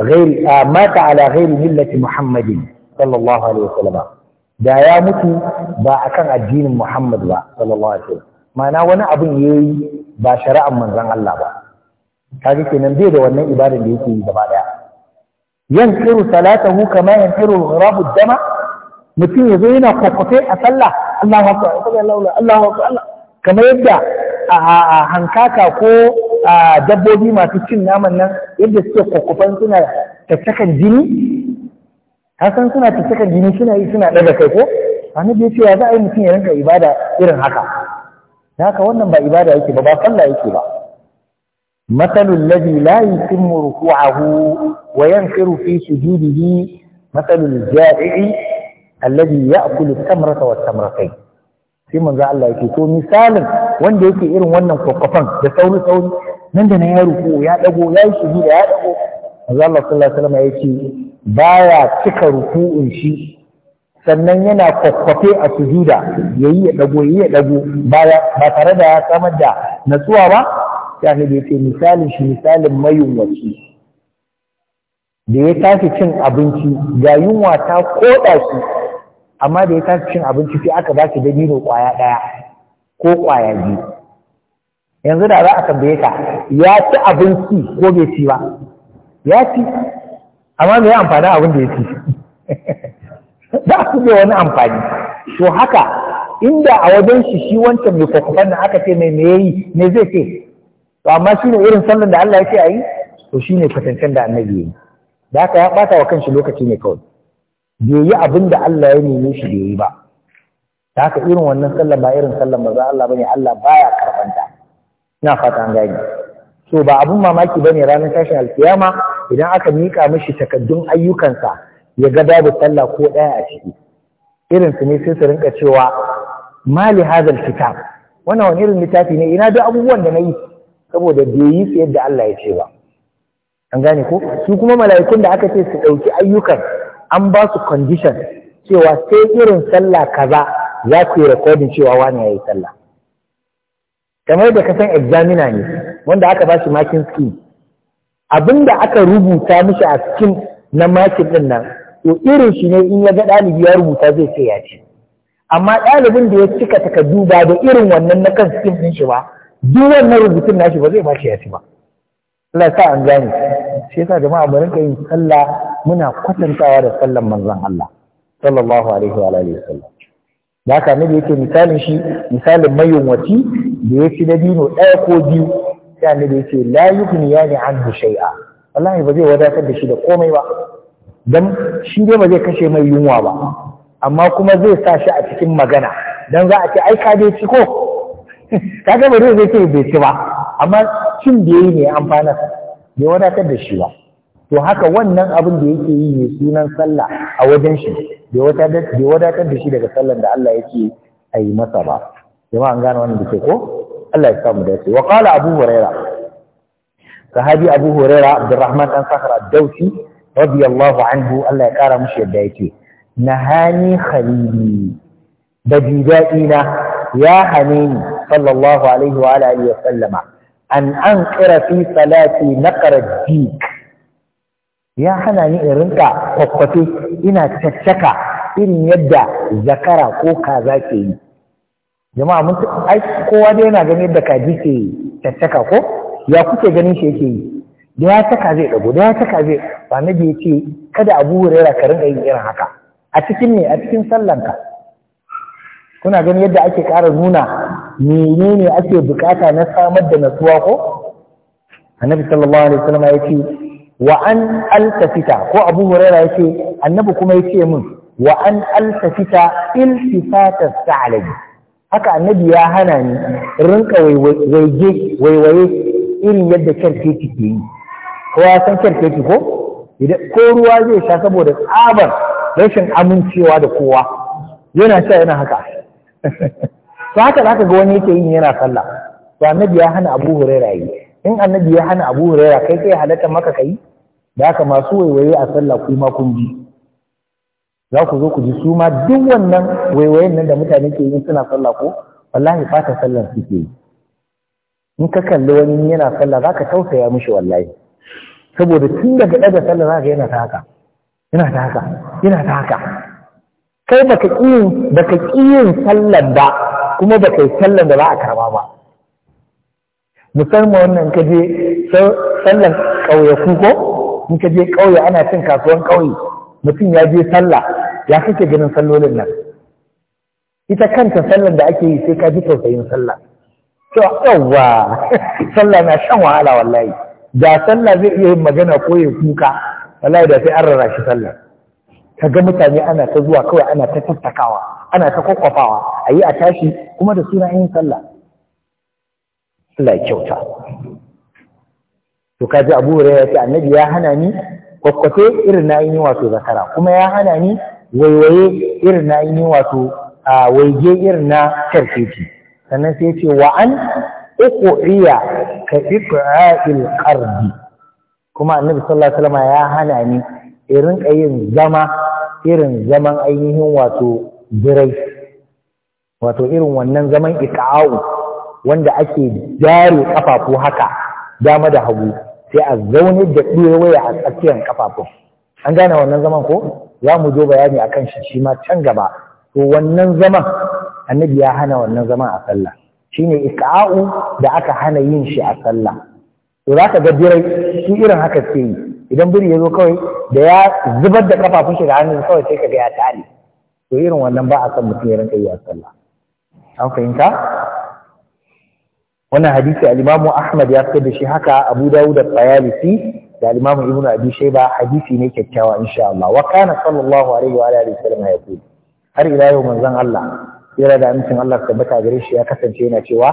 غير mata ala ghairi millati muhammadin da ya mutu ba akan addinin muhammad ba sallallahu alaihi wasallam wani abin yayi ba shari'an manzon Allah ba kaga kenan bai da wannan ibadan da yake yi gaba daya yankiru salatahu kama yankiru rabu dama mutum yazo yana kokote a sallah Allahu akbar Allahu akbar Allahu akbar kamar yadda a hankaka ko a dabbobi masu cin naman nan yadda suke kwakwafan suna tattakan jini hasan suna tattakan jini suna yi suna ɗaga kai ko annabi ya ce ya za a yi mutum ya rinka ibada irin haka da haka wannan ba ibada yake ba ba sallah yake ba masalul sun la a hu, wa firu fi sujudihi masalul ja'i alladhi ya'kulu tamrata wa tamratayn sai manzo Allah yake to misalin wanda yake irin wannan kokofan da sauri sauri nan da nan ya rufu, ya dago ya yi da ya dago manzo Allah sallallahu alaihi ya ce baya cika ruku'un shi sannan yana kwakwafe a sujuda yayi ya dago yayi ya dago ba tare da ya samar da natsuwa ba ya ne ce misalin shi misalin mayunwaci da ya tashi cin abinci ga yunwa ta koda shi amma da ya tashi cin abinci sai aka ba shi dabino kwaya ɗaya ko kwaya biyu yanzu da za a tambaye ka ya ci abinci ko bai ci ba ya ci amma mai amfani abin da ya ci *laughs* ba su da wani amfani to haka inda a wajen shi shi wancan mai kwakwafan nan aka ce mai yayi me zai ce to amma shi ne irin sallan da Allah ya ce a yi to shi ne kwatancen da annabi ya yi da haka ya bata wa kanshi lokaci ne kawai bai yi abin da Allah ya nemi shi bai yi ba da haka irin wannan sallan ba irin sallan za Allah ne Allah baya ya na fata an gani so ba abun mamaki bane ranar tashin alkiyama idan aka mika mishi takaddun ayyukansa ya ga babu sallah ko ɗaya a ciki irin su ne sai su rinka cewa mali hadal kitab wannan wani irin littafi ne ina duk abubuwan da na yi saboda bai yi su yadda Allah ya ce ba an gane ko su kuma mala'ikun da aka ce su ɗauki ayyukan an ba su condition cewa sai irin sallah kaza za ku yi recording cewa wani ya yi sallah kamar da kasan san examiner ne wanda aka ba shi makin skin abinda aka rubuta mishi a skin na makin din nan to irin shi ne in ya ga ɗalibi ya rubuta zai ce ya ce amma ɗalibin da ya cika takardu ba da irin wannan na kan skin din shi ba duk wannan rubutun nashi ba zai ba shi ya ci ba Allah sa an gane shi yasa jama'a bari ka yin sallah muna kwatantawa da sallan manzon Allah sallallahu alaihi wa alihi wasallam da haka ne yake misalin shi misalin mayunwaci da ya ci dabino ɗaya ko biyu ne da yake ya ne an shai'a? shai'a wallahi ba zai wadatar da shi da komai ba Don shi ne ba zai kashe mai yunwa ba amma kuma zai sa shi a cikin magana don za a ce ai ka dai ci ko *laughs* kaga ba zai ce bai ci ba amma cin da yayi ne amfanar bai wadatar da shi ba to haka wannan abin da yake yi ne sunan sallah a wajen shi bai wadatar da shi daga sallan da Allah ya yake a yi masa ba jama'a an gane wani da ke ko Allah ya samu dace wa qala abu huraira sahabi abu huraira abdurrahman dan sakhra ad-dawsi radiyallahu anhu Allah ya kara mushi yadda ya yake nahani khalili da bidadina ya ni, sallallahu alaihi wa alihi wa sallama an anqira fi salati naqra dik ya hana ni in rinka kwakwafe ina caccaka irin yadda zakara ko kaza ke yi jama'a mun ai kowa dai yana ganin yadda kaji ke caccaka ko ya kuke ganin shi yake yi da ya caka zai dago da ya caka zai ba na ya ce kada abu hurera ka rinka yin irin haka a cikin ne a cikin sallanka kuna ganin yadda ake ƙara nuna menene ake bukata na samar da natsuwa ko annabi sallallahu alaihi wasallam ya ce wa an altafita ko abu huraira ya annabi kuma ya ce min wa an altafita iltifata sa'alabi haka annabi ya hana ni rinka waiwaye waiwaye irin yadda kyarkeci ke yi Ko ya san kyarkeci ko ko ruwa zai sha saboda tsabar rashin amincewa da kowa yana sha yana haka *laughs* to haka zaka ga wani yake yin yana sallah to annabi ya hana abu huraira yi in annabi ya hana abu huraira kai kai halatta maka kai da haka masu waiwaye a sallah ku ma kun bi za ku zo ku ji su ma duk wannan waiwayen nan da mutane ke yi suna sallah ko wallahi fata sallar suke yi in ka kalli wani yana sallah za ka tausaya mishi wallahi saboda tun daga ɗaga sallah za ka yana ta haka yana ta haka yana ta haka kai baka kiyin baka kiyin sallar ba kuma baka yi sallar da za a karba ba musamman wannan kaje sallar ƙauyaku ko in ka je ƙauye ana cin kasuwan ƙauye mutum ya je sallah ya kake ganin sallolin nan ita kanta sallar da ake yi sai ka ji tausayin sallah to yawwa *laughs* sallah na shan wahala wallahi da sallah zai iya yin magana ko ya kuka wallahi da sai an rara shi sallah ka ga mutane ana ta zuwa kawai ana ta tattakawa ana ta kwakwafawa a yi a tashi kuma da suna yin sallah Allah ya kyauta to ji Abu Hurairah ya ce annabi ya hana ni kwakwate irin na yi wato zakara kuma ya hana ni waiwaye irin na yi wato a waige irin na karfeci sannan sai ce wa an iya ka iqa'il qardi kuma annabi sallallahu alaihi ya hana ni irin yin zama irin zaman ainihin wato birai wato irin wannan zaman iqa'u wanda ake jari kafafu haka dama da hagu sai a zaune da waya a tsakiyar kafafun an gane wannan zaman ko za mu zo bayani a kan shi shi ma can gaba to wannan zaman annabi ya hana wannan zaman a sallah Shi shine ika'u da aka hana yin shi a sallah to za ka ga birai su irin haka suke yi idan biri ya zo kawai da ya zubar da kafafun shi da hannun kawai sai ka ga ya tare to irin wannan ba a san mutum ya rinka yi a sallah an fahimta wannan hadisi al-Imamu Ahmad ya fitar da shi haka Abu Dawud da Tayalisi da al-Imamu Ibn Abi Shayba hadisi ne kyakkyawa insha Allah wa kana sallallahu alaihi wa alihi wasallam ya ce har ila yau manzon Allah yana da amincin Allah tabbata gare shi ya kasance yana cewa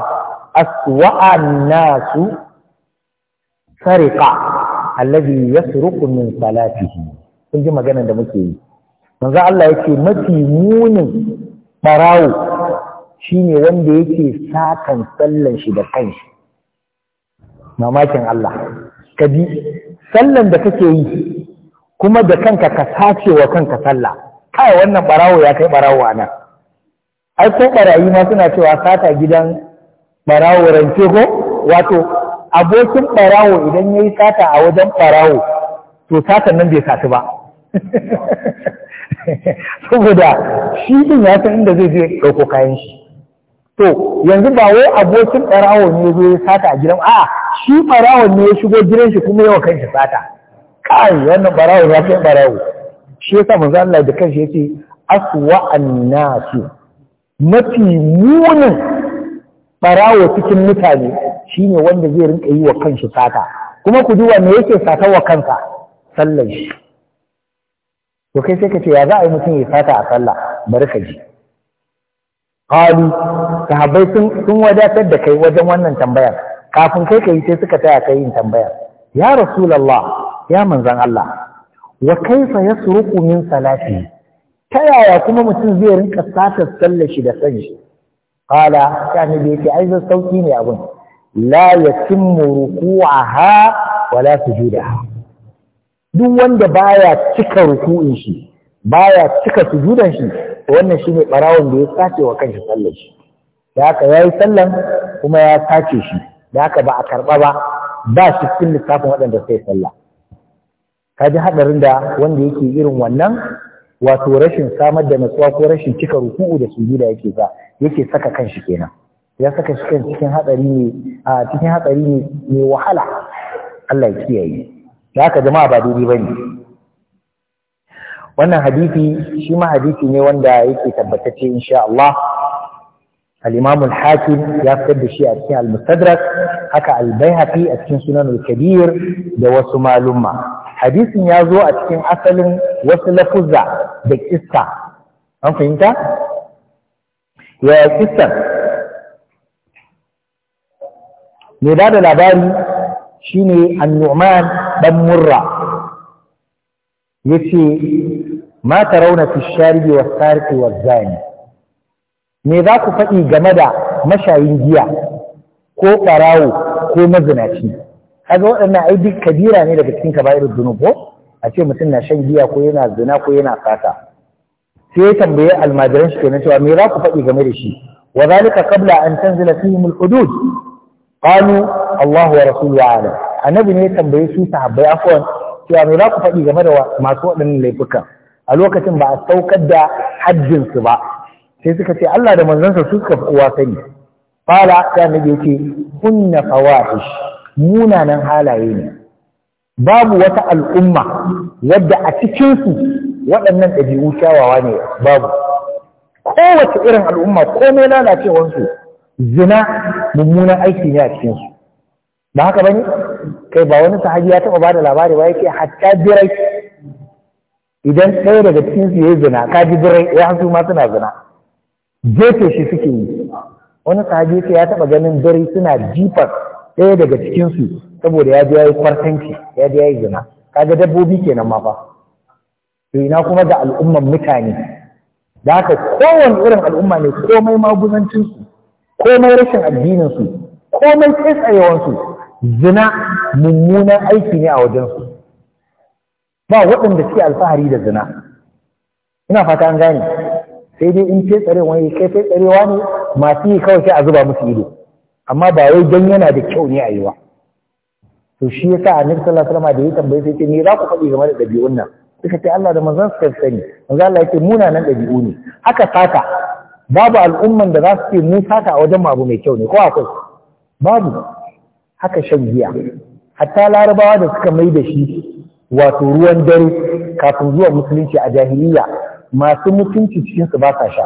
aswa'a nasu sariqa alladhi yasruqu min salatihi kun ji maganar da muke yi manzon Allah yake mafi munin barawo Shi ne wanda yake sakan sallan shi da kanshi mamakin Allah ka bi sallan da kake yi kuma da kanka ka sace wa kanka sallah kai wannan barawo ya kai barawo ana ai ko barayi ma suna cewa sata gidan barawo rance ko wato abokin barawo idan yayi sata a wajen barawo to sata nan bai sati ba *laughs* saboda shi din ya san inda zai je ɗauko kayan shi to yanzu ba wai abokin ɓarawo ne ya zo ya sata a gidan a'a shi ɓarawo ne ya shigo gidan shi kuma yawa kanshi sata kai wannan ɓarawo ya fi ɓarawo shi yasa manzo Allah da kanshi yace aswa annasi mafi munin ɓarawo cikin mutane shi ne wanda zai rinka yi wa kanshi sata kuma ku ji yake sata wa kansa Sallan shi to kai sai ka ce ya za a yi mutum ya sata a sallah bari ka ji Kalu, sahabai sun wadatar da kai wajen wannan tambayar kafin kai ka yi sai suka taya kai yin tambayar ya rasulallah! ya manzan Allah wa kaifa suruku min salafi. ta yaya kuma mutum zai rinka sata sallashi da sani Kala, ya ne da yake ai sauki ne abin. la ya wa la wala juda. duk wanda baya cika ruku'in shi baya cika sujudan shi wannan ne ɓarawon da ya sace wa kanshi sallar shi da haka yayi sallan kuma ya sace shi da haka ba a karɓa ba ba shi cikin lissafin waɗanda sai sallah ka ji haɗarin da wanda yake irin wannan wato rashin samar da natsuwa ko rashin cika ruku'u da su gida yake sa yake saka kanshi kenan ya saka shi kan cikin haɗari ne a cikin haɗari ne wahala Allah ya kiyaye da haka jama'a ba daidai ne. wannan hadisi shi ma hadisi ne wanda yake tabbatacce insha Allah al-Imam al-Hakim ya fitar da shi a cikin al-Mustadrak haka al-Baihaqi a cikin Sunan al-Kabir da wasu malumma hadisin ya zo a cikin asalin wasu lafuzza da kissa an fahimta ya kissan mai ba da labari shine an-Nu'man dan Murra yace ma tarawna fi sharibi was sariqi was zani me za ku faɗi game da mashayin giya ko ɓarawo ko mazinaci kaga waɗannan ai duk kabira ne daga cikin kaba'irul dhunub a ce mutum na shan giya ko yana zina ko yana fata sai ya tambaye almajiran shi kenan cewa me za ku faɗi game da shi wa zalika qabla an tanzila fihim al qalu Allahu wa rasuluhu a'lam annabi ne ya tambaye su sahabbai afwan cewa me za ku faɗi game da masu waɗannan laifukan a lokacin ba a saukar da hajjinsu ba sai suka ce Allah da manzansa suka uwa sani fara ta nabi yake kunna fawahish munanan halaye ne babu wata al'umma wadda a cikinsu waɗannan ɗabi'u kyawawa ne babu kowace irin al'umma komai lalacewansu zina mummunan aiki ne a cikinsu ba haka ba ne kai ba wani sahabi ya taɓa ba da labari ba yake hatta birai idan ɗaya daga cikinsu su yi zina ka ji birai ya hasu ma suna zina jefe shi suke yi wani sahabi ya taɓa ganin dare suna jifar ɗaya daga cikinsu, su saboda ya yayi kwartanci ya yayi zina Ka ga dabbobi kenan ma fa to ina kuma ga al'umman mutane da haka kowane irin al'umma ne komai maguzancinsu, su komai rashin addinin su komai tsaitsayewan zina mummunan aiki ne a wajensu. ba waɗanda suke alfahari da zina ina fata an gane sai dai in ce tsare wani kai sai tsarewa ne masu yi kawai sai a zuba musu ido amma ba wai don yana da kyau ne a yi wa to shi yasa annabi sallallahu alaihi wasallam da ya tambaye sai ce za ku faɗi game da ɗabi'un nan suka ce Allah da manzon suka sani manzo Allah yake nan ɗabi'u ne haka sata babu al'umman da za su ce mu sata a wajen abu mai kyau ne ko akwai babu haka shan giya hatta larabawa da suka mai da shi wato ruwan dare kafin zuwa musulunci a jahiliya masu mutunci cikinsu ba sa sha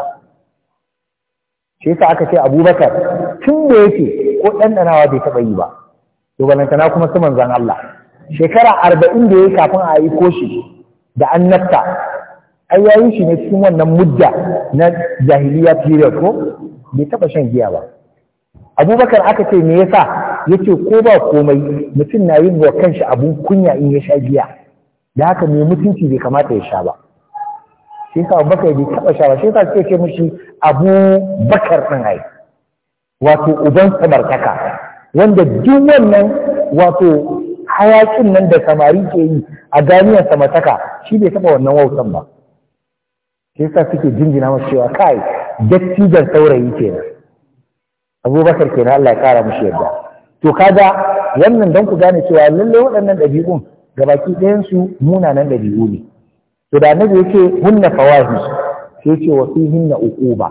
shi yasa aka ce abubakar tun da yake ko ɗanɗanawa bai taɓa yi ba to balantana kuma su manzan Allah shekara arba'in da ya kafin a yi koshi da annabta ai yayi shi ne cikin wannan mudda na jahiliya period ko bai taɓa shan giya ba abubakar aka ce me yasa yake ko ba komai mutum na yin wa kanshi abun kunya in ya sha giya da haka mai mutunci bai kamata ya sha ba shi yasa Abubakar bai taba sha ba shi yasa suke ce Abu Bakar din ai wato uban samartaka wanda duk wannan wato hayakin nan da samari ke yi a ganiyar samartaka shi bai taba wannan wautan ba shi yasa suke jinjina masa cewa kai dattijan saurayi kenan Abubakar kenan Allah ya kara mushi yadda to kaga wannan don ku gane cewa lalle waɗannan ɗabi'un baki ɗayan su munanan ɗabi'u ne to da annabi yake hunna fawahi sai ce wa fihinna uquba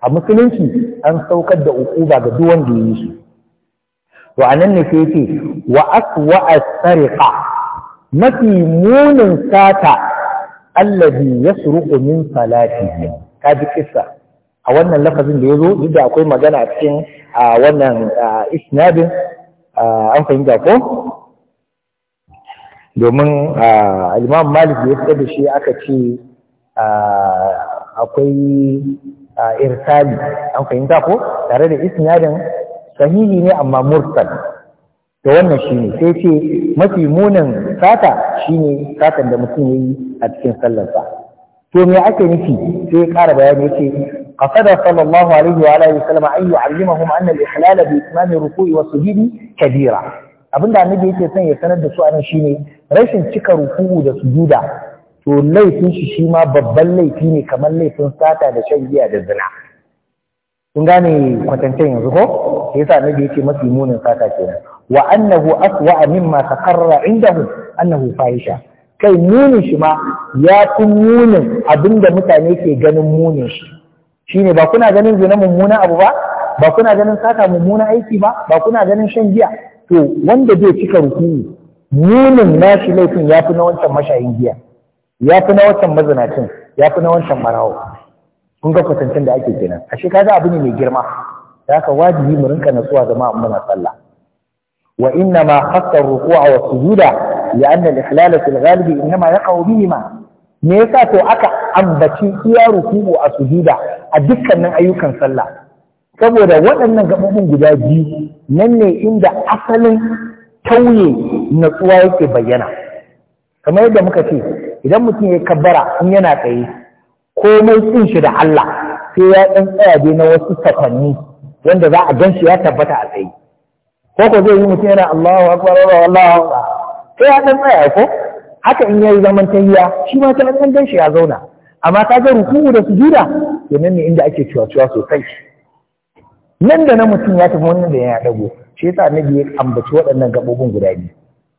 a musulunci an saukar da uquba ga duk wanda ya yi su to anan ne sai yake wa aswa as-sariqa mafi munin sata ya yasruqu min salatihi ji kissa a wannan lafazin da ya zo duk da akwai magana a cikin a wannan isnadin an fahimta ko domin imam malik ya fita da shi aka ce akwai irsali an fahimta ko tare da isnadin sahihi ne amma mursal da wannan shi ne sai ce mafi munin sata shi ne satan da mutum ya yi a cikin sallarsa to me ake nufi sai ya ƙara bayani ya ce فقد صلى الله عليه وآله وسلم أن يعلمهم أن الإحلال بإتمام الركوع والسجود كبيرة abinda annabi yake son ya sanar da su a nan shine rashin cika ruku'u da sujuda to laifin shi shi babban laifi ne kamar laifin sata da shan giya da zina kun gane kwatancen yanzu ko sai yasa annabi yake mafi munin sata kenan wa annahu aswa mimma taqarra indahu annahu fahisha kai munin shi ma ya fi munin da mutane ke ganin munin shi shine ba kuna ganin zina mummuna abu ba ba kuna ganin saka mummuna aiki ba ba kuna ganin shan giya to wanda bai cika rukuni munin nashi laifin ya fi na wancan mashayin giya ya fi na wancan mazinacin ya fi na wancan marawo kun ga kwatancin da ake kenan ashe kaga abu ne mai girma da haka wajibi mu rinka natsuwa zama a na sallah wa inna ma khassa ruku'a wa sujuda li anna al-ihlal fi al-ghalib inma yaqa bihima me yasa to aka ambaci iya ruku'u a sujuda a dukkanin ayyukan sallah saboda waɗannan gaɓoɓin guda biyu nan ne inda asalin tauye na natsuwa yake bayyana kamar yadda muka ce idan mutum ya kabbara in yana tsaye komai tsin shi da Allah sai ya ɗan tsaya dai na wasu sakanni wanda za a ganshi ya tabbata a tsaye ko ko zai yi mutum yana Allahu akbar Allahu akbar sai ya ɗan tsaya ko haka in yayi zaman tayya shi ma ta ɗan shi ya zauna amma ka ga ruku'u da sujuda to nan ne inda ake ciwa sosai nan da na mutum ya tafi wannan da ya dago shi yasa na ya ambaci waɗannan gabobin guda biyu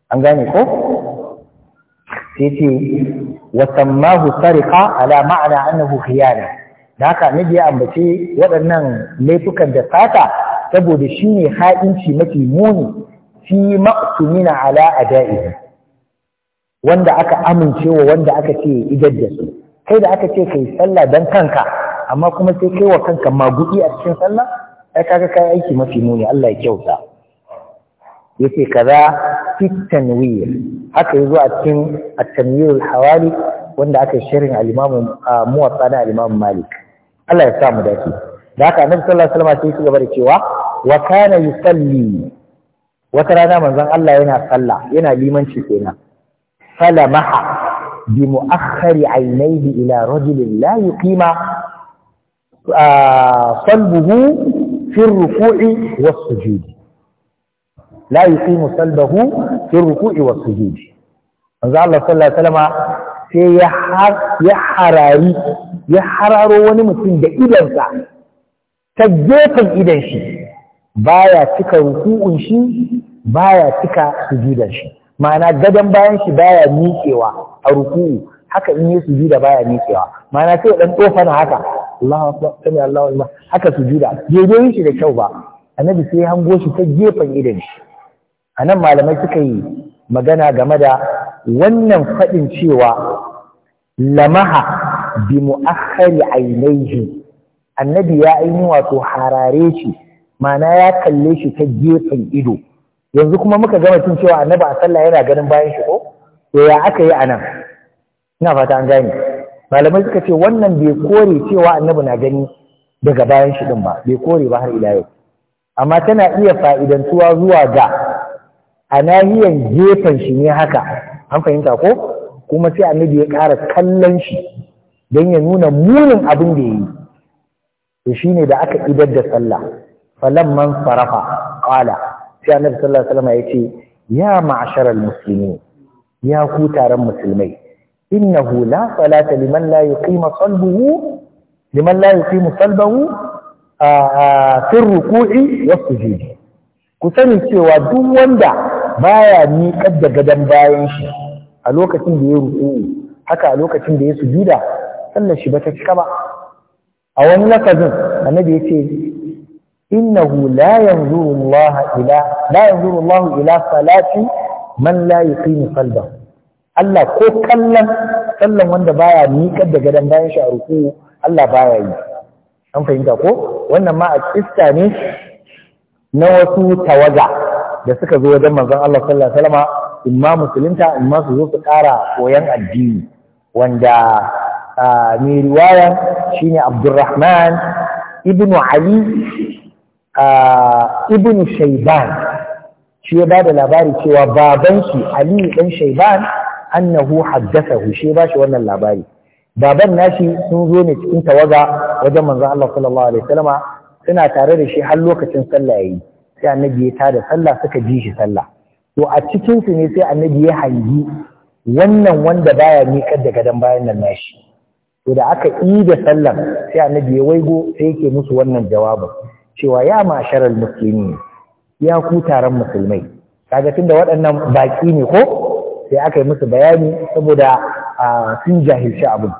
an gane ko sai ce wa sammahu sarika ala ma'ana annahu khiyana da haka na biye ambace waɗannan laifukan da sata saboda shine ha'inci mafi muni fi ma'tumina ala ada'ihi wanda aka amincewa wanda aka ce idar da su kai da aka ce kai sallah dan kanka amma kuma sai kai wa kanka magudi a cikin sallah ai kaga kai aiki mafi muni Allah ya kyauta yace kaza fit tanwir haka yazo a cikin at tanwirul hawali wanda aka shirin al imamu muwatta na al imamu malik Allah ya sa mu dace da haka annabi sallallahu alaihi wasallam sai ya gaba da cewa wa kana yusalli wata rana manzon Allah yana sallah yana limanci kenan falamaha بمؤخر عينيه إلى رجل لا يقيم آه، صلبه في الركوع والسجود لا يقيم صلبه في الركوع والسجود أنزع الله صلى الله عليه وسلم في سيحر يحراري يحرار ونمتن بإذن سعر تجيطا إذن شيء بايا تكا رفوع شيء بايا تكا سجود شيء ma'ana gadon bayan shi baya miƙewa a ruku'u haka in yi sujuda baya miƙewa ma'ana sai dan tsofa na haka Allahu akbar sami Allahu akbar haka sujuda daidai shi da kyau ba annabi sai hango shi ta gefen idan shi anan malamai suka yi magana game da wannan fadin cewa lamaha bi mu'akhkhari ainihi annabi ya ainihi wato harare shi ma'ana ya kalle shi ta gefen ido yanzu kuma muka gama cin cewa annabi a sallah yana ganin bayan shi ko Ya aka yi anan ina fata an gane malamai suka ce wannan bai kore cewa annabi na gani daga bayan shi din ba bai kore ba har ila yau amma tana iya fa'idantuwa zuwa ga a nahiyan gefen shi ne haka an fahimta ko kuma sai annabi ya ƙara kallon shi don ya nuna munin abin da ya yi to shine da aka idar da sallah falamman sarafa qala sai annabi sallallahu alaihi wasallam ya ce ya ma'asharal muslimin ya ku taron musulmai innahu la salata liman la yuqima salbuhu liman la salbuhu a fi ruku'i wa sujud ku sani cewa duk wanda baya ni da gadan bayan shi a lokacin da ya ruku'u haka a lokacin da ya sujuda sallar shi ba ta cika ba a wani lakazin annabi yace innahu la yanzuru Allah ila la yanzuru Allah man la yuqim Allah ko kallon kallon wanda baya miƙar da gadon bayan shi a ruku Allah baya yi an fahimta ko wannan ma a kista ne na wasu tawaga da suka zo wajen manzon Allah sallallahu alaihi wasallam imma musulunta imma su zo su ƙara koyan addini wanda mai riwaya shine Abdurrahman ibn Ali ibn shaiban shi ya ba da labari cewa baban shi aliyu dan shaiban annahu haddathahu shi ba shi wannan labari baban nashi sun zo ne cikin tawaga wajen manzon Allah sallallahu alaihi wasallama suna tare da shi har lokacin sallah yayi sai annabi ya tada sallah suka ji shi sallah to a cikin su ne sai annabi ya hangi wannan wanda baya miƙar da gadon bayan nan nashi to da aka yi da sallar sai annabi ya waigo sai yake musu wannan jawabin cewa ya masharar musulmi ya ku taron musulmai kaga da waɗannan baƙi ne ko sai aka yi musu bayani saboda sun jahilci abin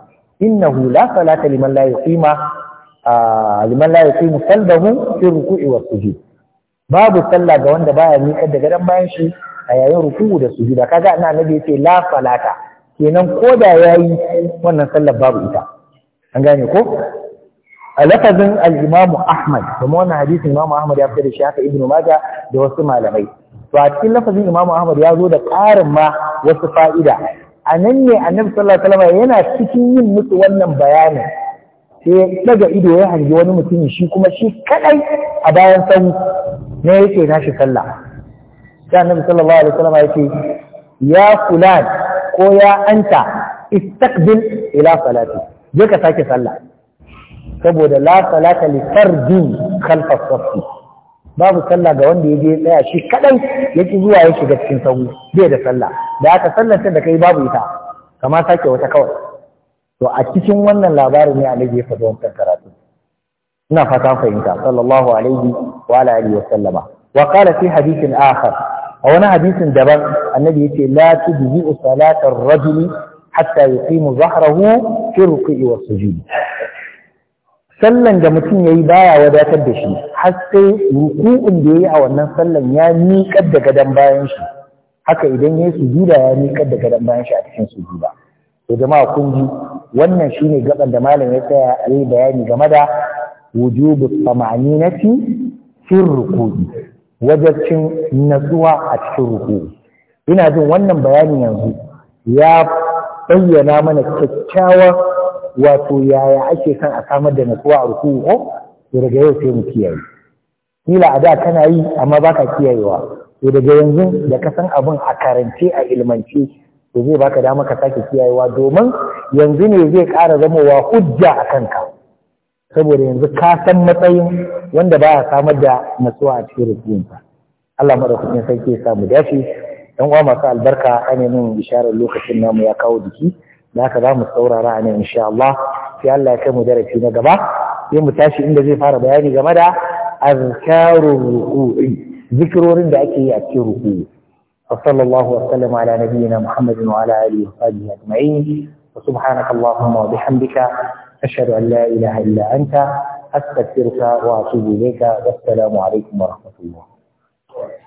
hu la salata liman la yuqima liman la yuqimu qalbahu fi ruku'i was sujud babu sallah ga wanda baya miƙar da gadan bayan shi a yayin ruku'u da sujuda kaga ana annabi yace la salata kenan ko da yayi wannan sallar babu ita an gane ko a lafazin al-Imam Ahmad kuma wani hadisin Imamu Ahmad ya fi da shi haka maja da wasu malamai to a cikin lafazin Imamu Ahmad ya zo da ƙarin ma wasu fa'ida a nan ne Annabi sallallahu alaihi wasallam yana cikin yin mutu wannan bayanin sai ga ido ya hangi wani mutum shi kuma shi kaɗai a bayan sau ne yake nashi sallah sai Annabi sallallahu alaihi wasallam ya ce ya kula ko ya anta istakbil ila salati je ka sake sallah saboda la salata li fardin khalfa safi babu sallah ga wanda ya je tsaya shi kadai yake zuwa ya shiga cikin sahu bai da sallah da aka sallar da kai babu ita kama sake wata kawai to a cikin wannan labarin ne annabi ya faɗi wannan karatu ina fata fahimta sallallahu alaihi wa ala alihi wa sallama wa qala fi hadithin akhar a wani hadisin daban annabi yace la tudzi salata ar-rajuli hatta yuqimu zahrahu fi ruku'i was sujud sallan da mutum ya yi baya wadatar da shi har sai ruku'un da ya yi a wannan sallan ya miƙar da gadon bayan shi haka idan ya yi su sujuda ya miƙar da gadon bayan shi a cikin sujuda da jama'a kun ji wannan shine gaban da malam ya tsaya a yi bayani game da wujubu tamaninati fi wajen wajabcin natsuwa a cikin rukuni. ina jin wannan bayanin yanzu ya bayyana mana kyakkyawan wato yaya ake son a samar da nasuwa a ruku ko to daga yau sai mu kiyaye kila a da kana yi amma baka kiyayewa to daga yanzu da ka san abin a karance a ilmance to zai baka dama ka sake kiyayewa domin yanzu ne zai ƙara zamowa hujja a kanka saboda yanzu ka san matsayin wanda baya samar da nasuwa a cikin rukunsa Allah madaukakin sarki ya samu dashi dan uwa masu albarka an neman lokacin namu ya kawo jiki da haka za mu saurara a nan insha Allah sai Allah ya kai mu darasi na gaba sai mu tashi inda zai fara bayani game da azkarun ruku'i zikirorin da ake yi a cikin ruku'i وصلى الله وسلم على نبينا محمد وعلى اله وصحبه اجمعين وسبحانك اللهم وبحمدك اشهد ان لا اله الا انت استغفرك واتوب اليك والسلام عليكم ورحمه الله